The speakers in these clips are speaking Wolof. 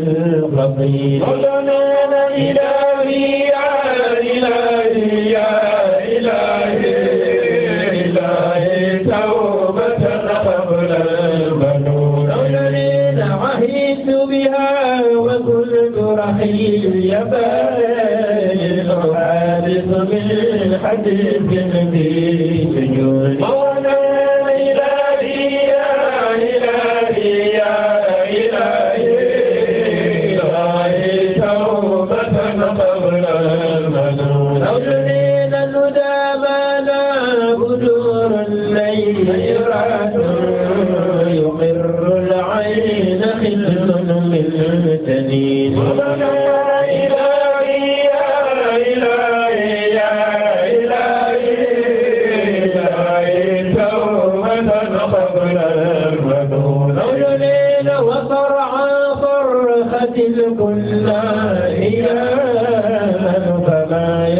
الخطير مولانا إلهي يا إلهي يا إلهي إلهي توبة قبل البنون وحيت بها وكنت رحيل يا باين حادث من حديث النبي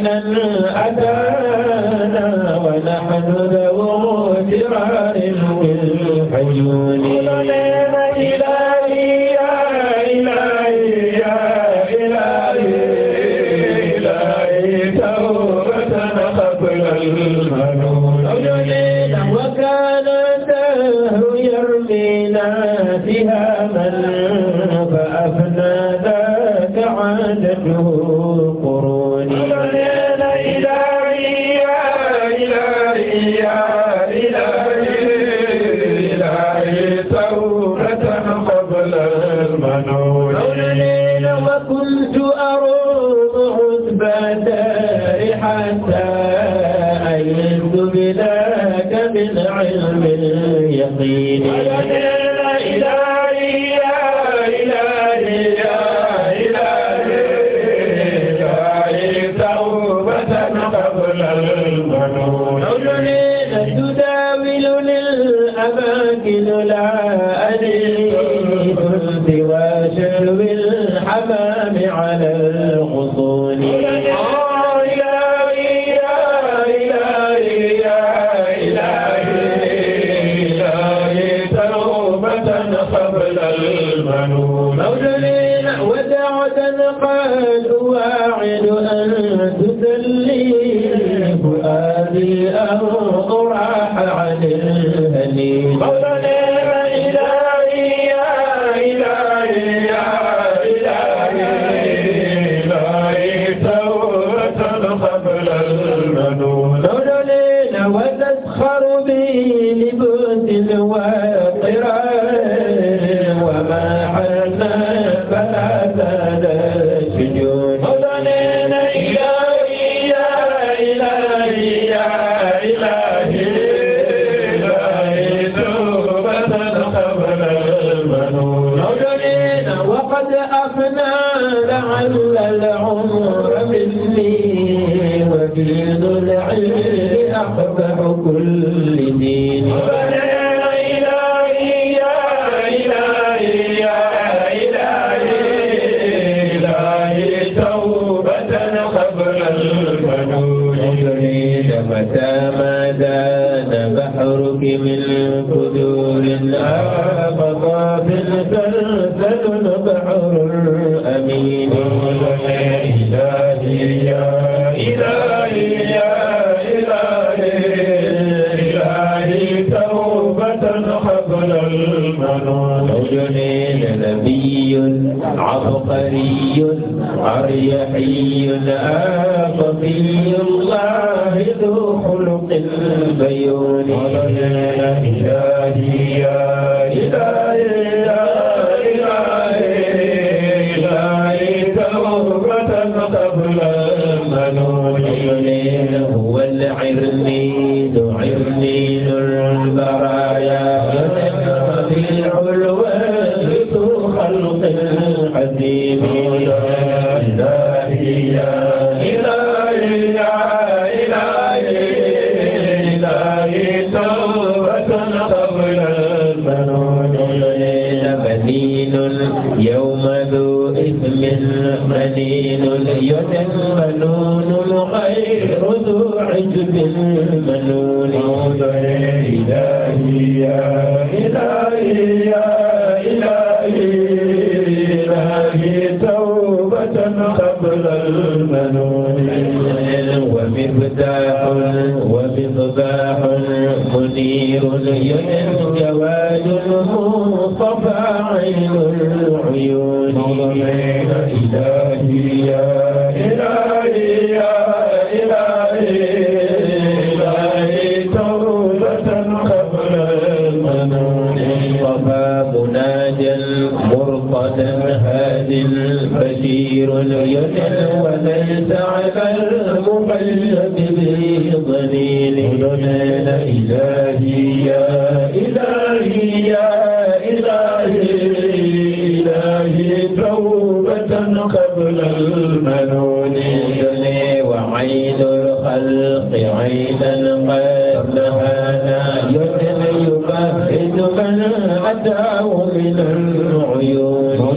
أن أتانا ونحن له جرار بالحجون أماكن لا أدري سوى شلو الحمام على الخصوم كانوا رجلين وقد أفنى لعل العمر مني ودين العلم أقبح كل دين لها صفي الله ذو خلق البيون إلهي يا إلهي يا إلهي إلهي توبة قبل المنون هو العلم يزل بشير يتلوذ التعب المقلب بضليل لا إلهي يا إلهي يا إلهي إلهي توبة قبل المنون وعين الخلق عينا قد هانا يتلي يبهد من أتاه من العيون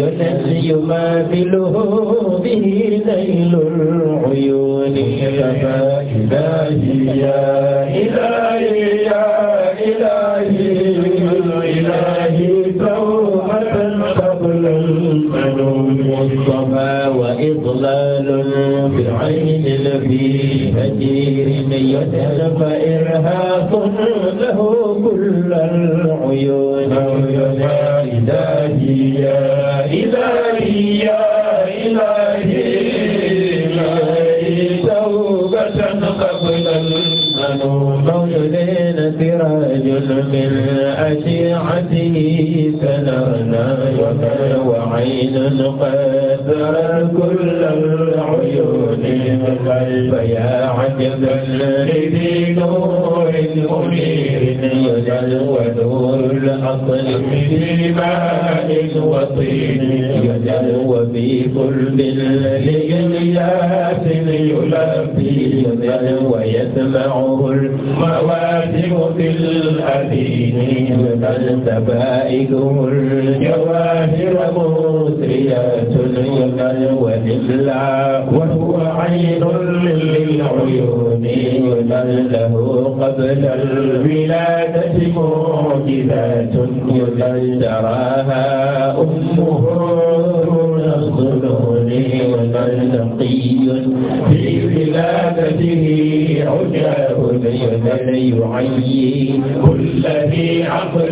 ينزل يماثله به ذيل العيون فما إلهي يا وجلوة الأصل في ماء وطين يجلو في كل للياس يلبي يجلو ويسمعه المواسم في الأدين التبائهم الجواهر مسريات ينال ولله وهو عين للعيون ينال له قبل الولادة معجزات ينال تراها أمه نور الظنون من تقي في ولادته عجاه يدل يعيي كل ذي عقل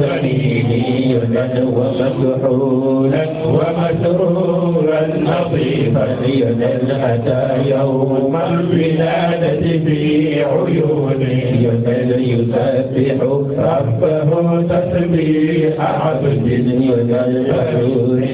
بنيني يدل ومدحونا ومسرورا نظيفا يدل أتى يوم الولادة في عيون يدل يسبح ربه تسبيح عبد يدل مسرور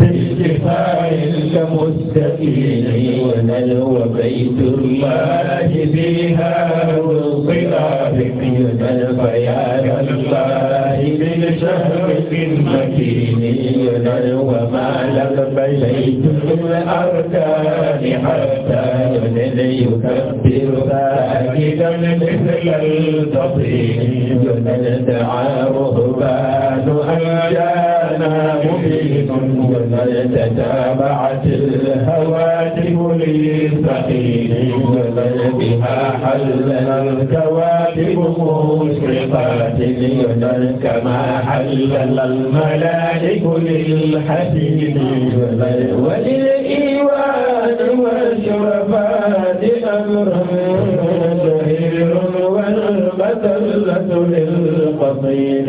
بالشفاء الكمال المتقين ونلو بيت الله بها والصلاة ينلو يا الله بالشهر المكين ونلو ما لم بيت الأركان حتى ينلي يكبر ساجدا مثل التطهير ينلو دعاه رهبان أنجاه لنا مبيد ومن تتابعت الهواتف للفقير بها حلنا الكواكب مسرقات كما حلل الملائك للحسين وللإيوان والشرفات أمر زهير والبتلة للقصيد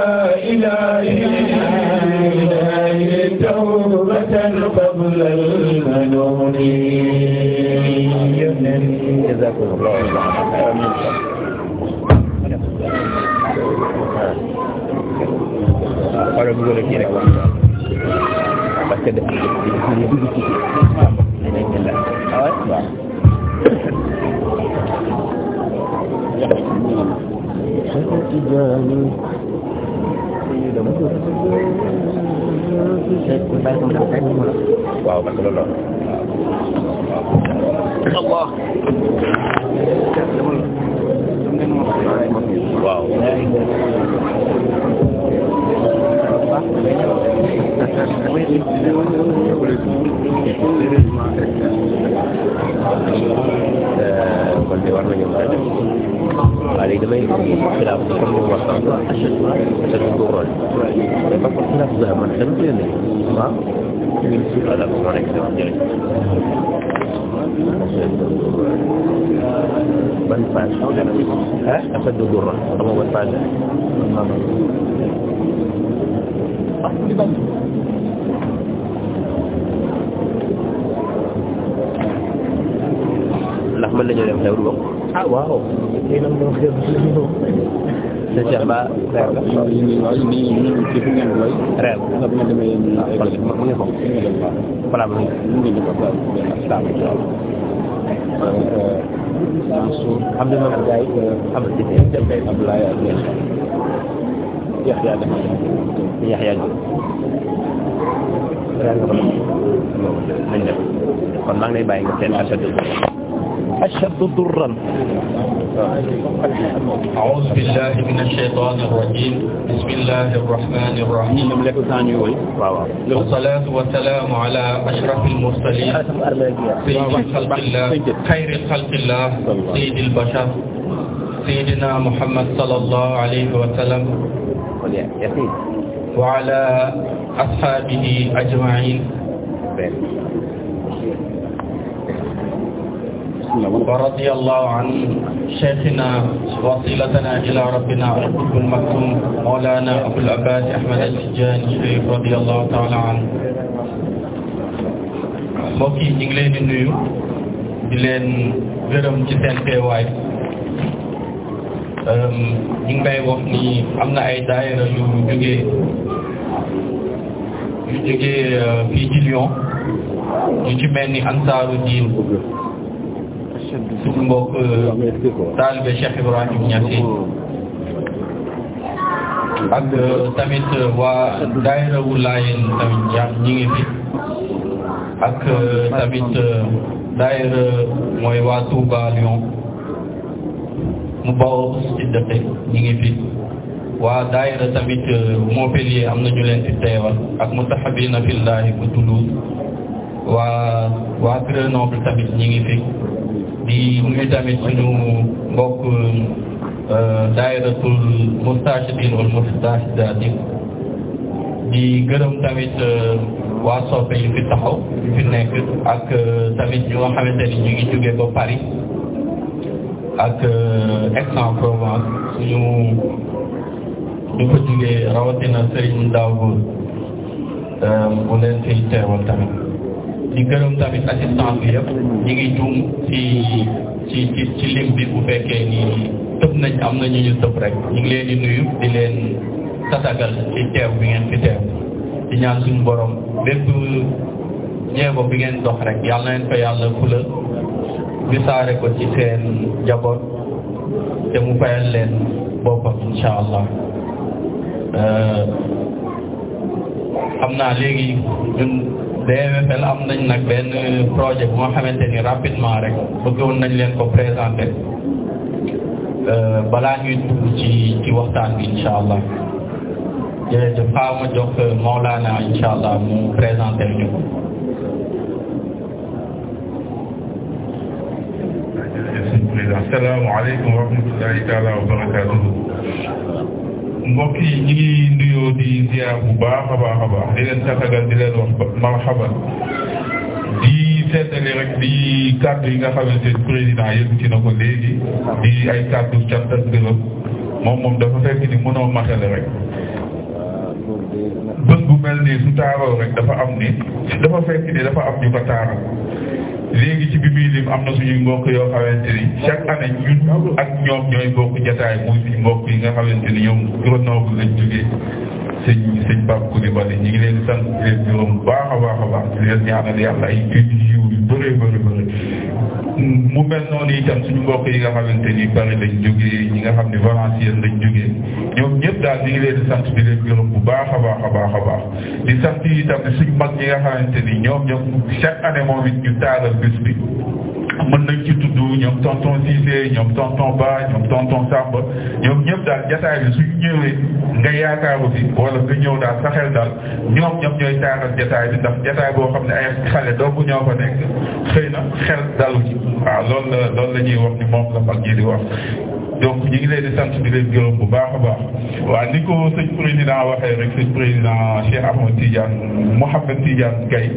توبة قبل المنون جزاكم الله Kalau gue lagi nak buat Baca dia Dia duduk sikit Nenek ngelak Awak Saya tidak Saya tidak waaw man loolu la waaw. ban page ah Ashaddu Durra xamoo ban page ndax mën nañoo dem xew du bokk ah waaw sëñ Cheikh Ba reer la. reer la. mu ngi foofu. voilà mu ngi am na ñoo gars yi am na ci dem kay Abdoulaye ak Yaxya dem Yaxya Jóob reer nga ko nañ def kon maa ngi lay bàyyi nga seen archet ashaddu durran a'uuzu billaahi mina shaytaani rajiim bismillaahi rahmaani rahiim waaw waaw wa salaatu wa salaamu alaa ashrafil mursaliin sayyidi xalqillaah xayri xalqillaah sayyidil bashar sayyidinaa Muhammad sallallaahu alayhi wa sallam wa alaa ashaabihi ajma'iin ورضي الله عن شيخنا وصيلتنا إلى ربنا الحب المكتوم مولانا أبو العباس أحمد التجاني شريف رضي الله تعالى عنه mbokk yi ñu ngi leen di nuyu di leen gërëm ci seen teewaay ehm, ñu ngi may wax ni am na ay daayira yu jógee yu jógee euh, fii ci Lyon ñu ci mel ni ansaaru diin suñu mbokk taalibe Cheikh Ibrahim Niass ak euh, tamit euh, waa wu Laayeen tamit ñaar ak euh, tamit daayira mooy waa Touba Lyon mu bawoo ci dëkk ñi ngi fi waa daayira am nañu leen fi teewal ak mutahabina fillahi bu Toulouse waa waa Grenoble tamit ñi ngi fi di nuyu tamit suñu mbokk euh, daayiratul mustachidin wal mustachidatin di gërëm tamit euh, waa soppe yu fi taxaw ak euh, tamit ñu nga xamante ni ñu ngi Paris ak Aix-en-Provence suñu ñu ko jógee rawatina Serigne Ndao bu leen fiy tamit di gërëm tamit assistance bi yëpp ñi ngi juum ci ci lim bi bu fekkee ni tëb nañ am na ñu ñu tëb rek ñu leen di nuyu di leen tatagal ci teew bi ngeen fi teew di ñaan suñu borom bépp jéego bi ngeen dox rek yàlla na leen fa yàlla fula bi saare ko ci seen jaboot te mu fayal leen boppam insha allah euh, xam naa léegi ñun DEFL am nañ nag benn projet bu nga xamante ni rapidement rek bëggoon nañ leen ko présenter euh, balaa ñuy dugg ci ci waxtaan bi incha allah jërëjëf xaaral ma jox euh, Maulana incha allah mu présenter ñu ko. jërëjëf sëñ président salaamaaleykum wa rahmatulahi taala wa barakaatuhu mbokk i ñi ngi nuyoo di ziar bu baax a baax a baax di leen tatagal di leen wax marhaba di seetali rek di kàddu yi nga xamante ni président yëkkati na ko léegi di ay kàddu cant ak moom moom dafa fekk ni mënoo matale rek bës bu mel nii su taaroo rek dafa am ni dafa fekk ni dafa am ñu taaral léegi ci bi am na suñuy mbokk yoo xamante chaque année ñun ak ñoom ñooy bokk jataay muy suñu mbokk yi nga xamante ni ñoom Grenoble lañ jógee sëñ sëñ Pape Coulibaly ñu ngi leen sant leen gërëm baax a baax a baax leen ñaanal yàlla ay kër yu bëre bëre bëre mu mel noonu itam suñu mbokk yi nga xamante ni Paris lañ jógee ñi nga xam ne Valenciennes lañ jógee ñoom ñëpp daal ñu leen di sant di leen gërëm bu baax a baax a baax a baax di sant itam suñu mag ñi nga xamante ni ñoom ñoom chaque année moom it ñu taagal bés bi. mën nañ ci tudd ñoom tonton Cissé ñoom tonton Ba ñoom tonton Samba ñoom ñëpp daal jataay bi suñu ñëwee nga yaakaaru si wala nga ñëw daal sa xel daal ñoom ñoom ñooy taaral jataay bi ndax jataay boo xam ne ay xale dong ñoo fa nekk xëy na xel dalu ci waaw loolu la ñuy wax ni moom la mag ñi di wax donc ñu ngi leen di sant di leen bu baax a baax waaw ni ko sëñ président waxee rek sëñ président Cheikh Ahmed Tidiane Mouhamed Tidiane Gaye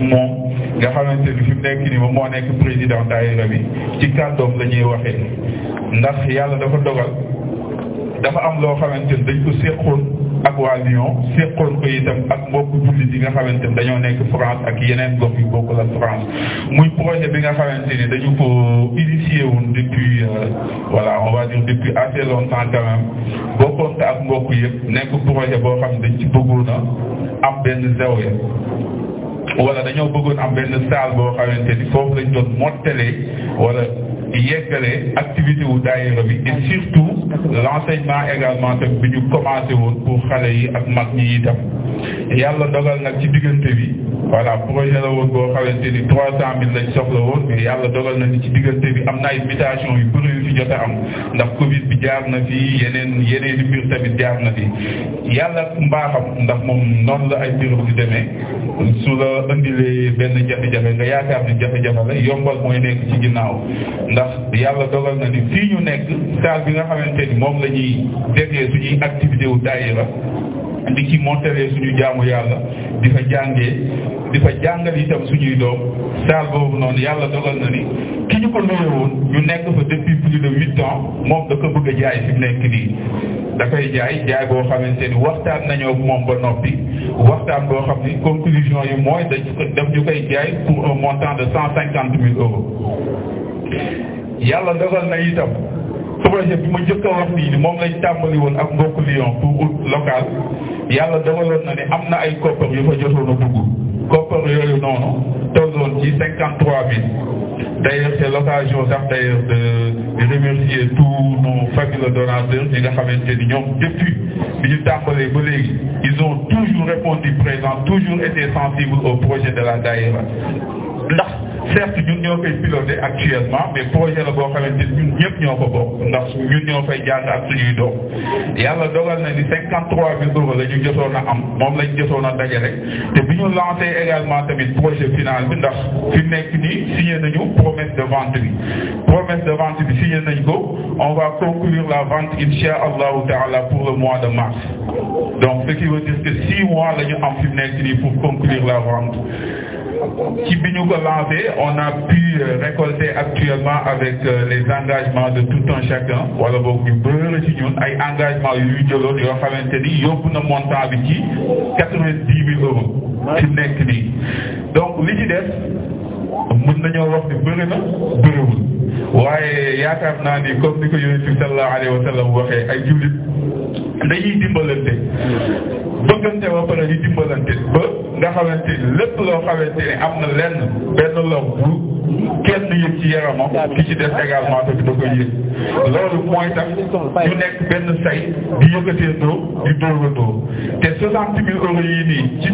moom nga xamante ni fi nekk nii moom moo nekk président daayira bi ci kàddoom la ñuy waxee ndax yàlla dafa dogal dafa am loo xamante ni dañ ko seqoon ak waa Lyon seqoon ko itam ak mbokk jullit yi nga xamante ni dañoo nekk France ak yeneen gox yu bokkul ak France muy projet bi nga xamante ni dañu ko initié woon depuis wala euh, on va dire depuis assez longtemps quand même bokkoon ak mbokk yëpp nekk projet boo xam ne dañ ci bëggoon a am benn zawiya wala dañoo bëggoon am benn salle boo xamante ni foofu lañ doon mottalee wala yeggale activité wu daayira bi et surtout l'enseignement également tam bi ñu commencé woon pour xale yi ak mag ñi itam yàlla dogal nag ci diggante bi voilà projet la woon boo xamante ni trois cent mille lañ soxla woon mais yàlla dogal na ni ci diggante bi am na ay mutation yu bu yu fi jot am ndax Covid bi jaar na fi yeneen yeneen i mbir tamit jaar na fi yàlla mbaaxam ndax moom noonu la ay mbiram di demee su la indilee benn jafe-jafe nga yaakaar ni jafe-jafe la ginnaaw ndax yàlla dogal na ni fii ñu nekk salle bi nga xamante ni moom la ñuy defee suñuy activité wu la di ci monteree suñu jaamu yàlla di fa jàngee di fa jàngal itam suñuy doom salle boobu noonu yàlla dogal na ni ki ñu ko loué ñu nekk fa depuis plus de huit ans moom da ko bëgg jaay fi nekk nii. da koy jaay jaay boo xamante ni waxtaan nañoo moom ba noppi waxtaan boo xam ni conclusion yi mooy dañ def ñu koy jaay pour un montant de cent cinquante yàlla dogal na itam projet a wax nii moom lañ tàmbali woon ak mbokku Lyon pour août local yàlla dogaloon na ne am na ay koppar yu fa jotoon a dugg koppar yooyu noonu tolloon ci cinquante trois mille d'ailleurs c'est l'occasion sax d'ailleurs de remercier tous nos fabuleux donateurs ñi nga xamante ni ñoom depuis bi ñu tàmbalee ba léegi ils ont toujours répondu présent toujours été sensibles au projet de la daïra ndax certes ñun ñoo koy piloté actuellement mais projet la boo xamante ni ñun ñëpp ñoo ko bokk ndax ñun ñoo fay jàng ak suñuy doom yàlla dogal na ni cinquante trois mille euros la am moom la ñu jotoon a dajale te bi ñu lancé également tamit projet final bi ndax fi nekk nii signé nañu promesse de vente bi promesse de vente bi signé nañ ko on va conclure la vente insha allahu taala pour le mois de mars donc ce qui veut dire que six mois la am fi nekk nii pour la vente ci bi ñu ko lancé on a pu euh, récolter actuellement avec euh, les engagements de tout un chacun wala boog ñu bëri ci ñun ay engagements yu ñu jëloon yoo xamante ni yóbbu na montant bi ci quatre dix mille euros ci nekk nii donc li ci def mën nañoo wax ni bëri na bëriwul waaye yaakaar naa ni comme ni ko yonent bi sallallahu alayhi wa sallam waxee ay jullit dañuy dimbalante bëggante ba pare ñu dimbalante ba nga xamante ni lépp loo xamante ni am na lenn benn la bu kenn yëg ci yaramam ki ci des également tamit da koy yëg loolu mooy tax ñu nekk benn say di yëkkatee doo di dóoratoo te soixante mille euros yii nii ci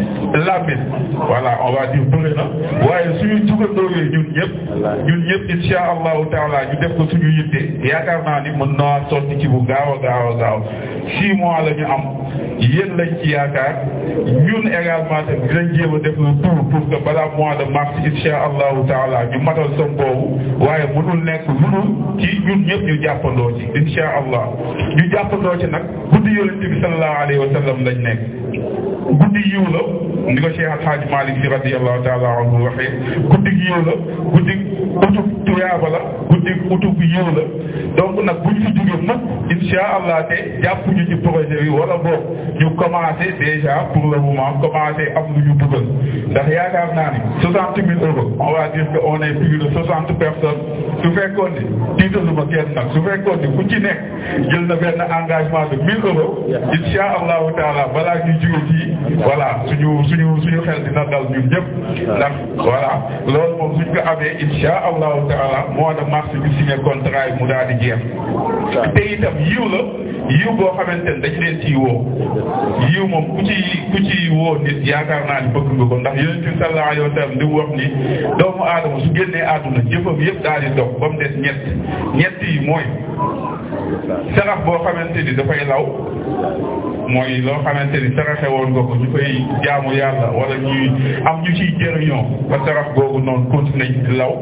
lamine voilà on va dire bëri na waaye suñu jugandoowee ñun ñëpp ñun ñëpp insha allahu taala ñu def ko suñu yitte yaakaar naa ni mën naa sotti ci bu gaaw a gaaw a mois la ñu am yéen lañ ci yaakaar ñun également dinañ jéem def le tour pour que balaa mois de mars insha allahu taala ñu matal som waaye mënul nekk mënul ci ñun ñëpp ñu jàppandoo ci insha allah ñu jàppandoo ci nag guddi yonent bi sallallahu alayhi wa sallam lañ nekk guddi yiw la ni ko Cheikh Alhaji Malick Sy radiyallahu taala anhu waxee guddi yiw la guddi utub tuyaaba la guddi utub yiw la donc nag bu ñu fi jógee nag incha allah te jàpp ñu ci projet bi wala boog ñu commencé déjà pour le moment commencé am lu ñu dugal ndax yaakaar naa ni soixante mille euros on va dire que on est plus de soixante personnes su fekkoon ni tiitalu ma kenn nag su fekkoon ni ku ci nekk jël na benn engagement de mille euros incha allahu taala balaa aussi voilà suñu suñu suñu xel dina dal ñun ñëpp ndax voilà loolu moom suñ ko amee insha allahu taala mois de mars bi signé mu daal di jeex te itam yiw la yiw boo xamante ne dañ leen ciy yiw moom ku ci ku ci woo nit yaakaar naa ni bëgg nga ko ndax yonent bi sallallahu alayhi wa sallam di wax ni doomu aadama su génnee àdduna jëfam yëpp daal di dox des ñett ñett yi mooy sarax boo xamante ni dafay law mooy loo xamante ni saraxe nga ko ñu koy jaamu yàlla wala ñuy am ñu ciy jëriñoo ba sarax googu noonu continué di law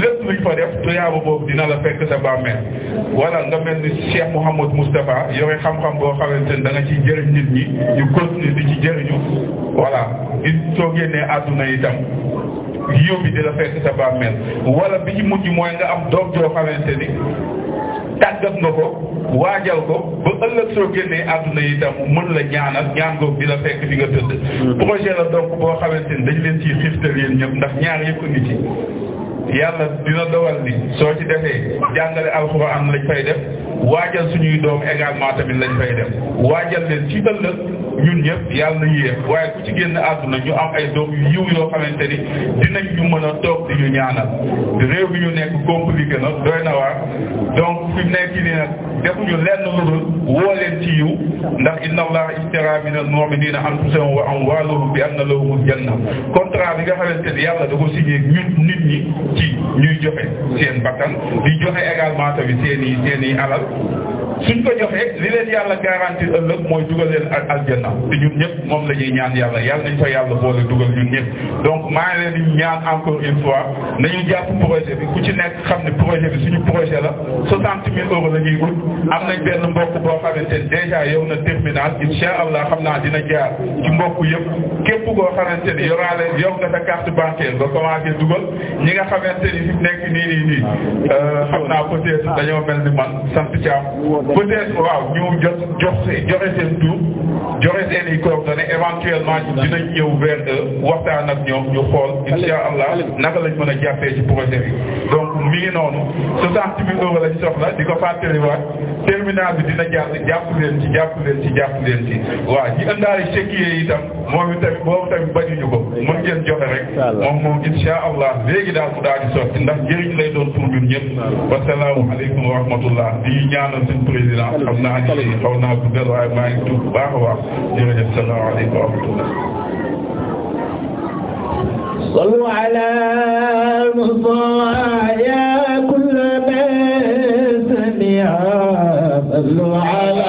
lépp luñ fa def tuyaaba boobu dina la fekk sa bàmmeel wala nga mel ni Cheikh Mouhamed Moustapha yore xam-xam boo xamante ni da nga ciy jëriñ nit ñi ñu continué di ci jëriñu voilà it soo génnee àdduna itam yóbbi di fekk sa bàmmeel wala bi ci mujj mooy nga am doom joo xamante ni tàggat nga ko waajal ko ba ëllëg soo génnee àdduna yi itam mën la ñaanal ñaan googu di la fekk fi nga tëdd mm. projet la donc boo xamante ni dañ leen ciy xiftal yéen ñëpp ndax ñaar yëpp ngi ci yàlla dina dawal ni soo ci defee jàngale alxuraan lañ fay def waajal suñuy doom également tamit lañ fay def waajal leen ci ëllëg ñun ñëpp yàlla yéex waaye ku ci génn àdduna ñu am ay doom yu yiw yoo xamante ni dinañ ñu mën a toog di ñu ñaanal réew mi ñu nekk compliqué na doy na waar donc fi nekk nii nag defuñu lenn lu dul woo leen ci yiw ndax inna allaha istara min al-mu'minina anfusahum wa amwalahum bi anna lahumul janna contrat bi nga xamante ni yàlla da ko signé ñun nit ñi ci ñuy joxe seen bakkan di joxe également tamit seen i seen i alal suñ ko joxee li leen yàlla garantie ëllëg mooy dugal leen ak te ñun ñëpp moom la ñuy ñaan yàlla yàlla nañ fa yàlla boole dugal ñun ñëpp donc maa ngi leen di ñaan encore une fois nañu jàpp projet bi ku am nañ benn mbokk boo xamante ne déjà yow na terminal incha allah xam naa dina jaar ci mbokk yëpp képp koo xamante ni yoraale yow nga sa carte bancaire nga commencé dugal ñi nga xamante ni fi mu nekk nii nii nii euh, xam naa peut-être dañoo mel ni man sant Thiam peut-être waaw ñu jot jox joxe seen tur joxe seen i coordonnées éventuellement dinañ ñëw vers waxtaan ak ñoom ñu xool incha allah naka lañ mën a jàppee ci projet bi donc mi ngi noonu 60 000 euros lañ soxla terminal bi dina jàpp jàpp leen ci jàpp leen ci jàpp leen ci waaw ñi ëndaale moom itam boobu tamit bañuñu ko mën ngeen joxe rek moom moom insha allah léegi daal mu daal di sotti ndax njëriñ lay doon pour ñun ñëpp wasalaamu aleykum wa rahmatullah di ñaanal suñu président xam naa ni xaw naa guddal waaye maa ngi tuub bu baax a baax jërëjëf salaamu aleykum wa rahmatullah صلوا على المصطفى صلوا على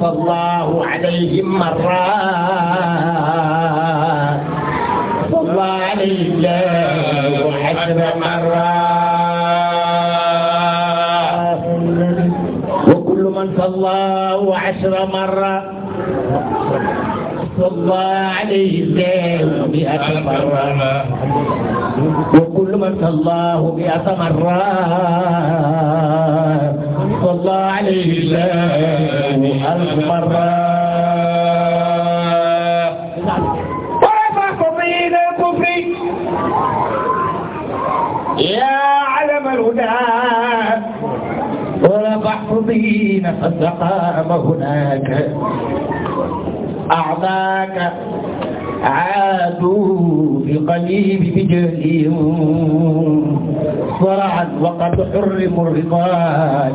فالله عليهم مرات صلى عليه الله حسب مرات وكل من صلاه عشر مرات صلى عليه الله مئة مرة وكل من صلاه مئة مرات صلى عليه الله ألف مرة ورفعكم إلى الكفر يا علم الهدى ورفعكم حين فاستقام هناك أعطاك عادوا بقليب بجهلهم صرعت وقد حرموا الرضا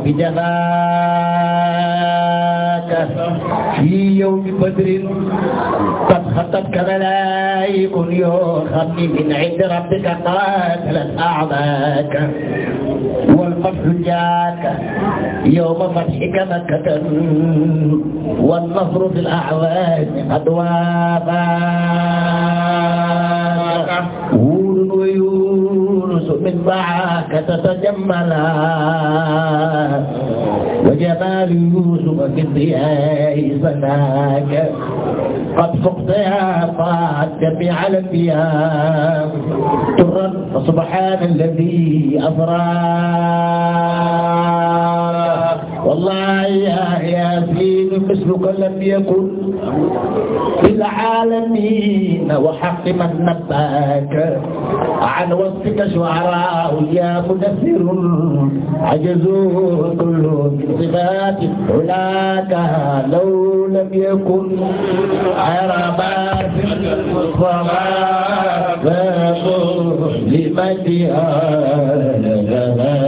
بجفاك في يوم بدر قد خطبك ملائك يرحم من عند ربك قاتلت أعماك مفزجاك يوم فتحك مكة والنصر في الأعوان أدوابا هود ويونس من معك تتجملا وجمال يوسف في الضياء سناك قد سقط يا طاعة جميع الأنبياء ترا فسبحان الذي أسرى والله يا مثلك لم يكن في العالمين وحق من نباك عن وصفك شعراء يا مدثر عجزوا كل من صفات علاك لو لم يكن عرب المصطفى فقل لمن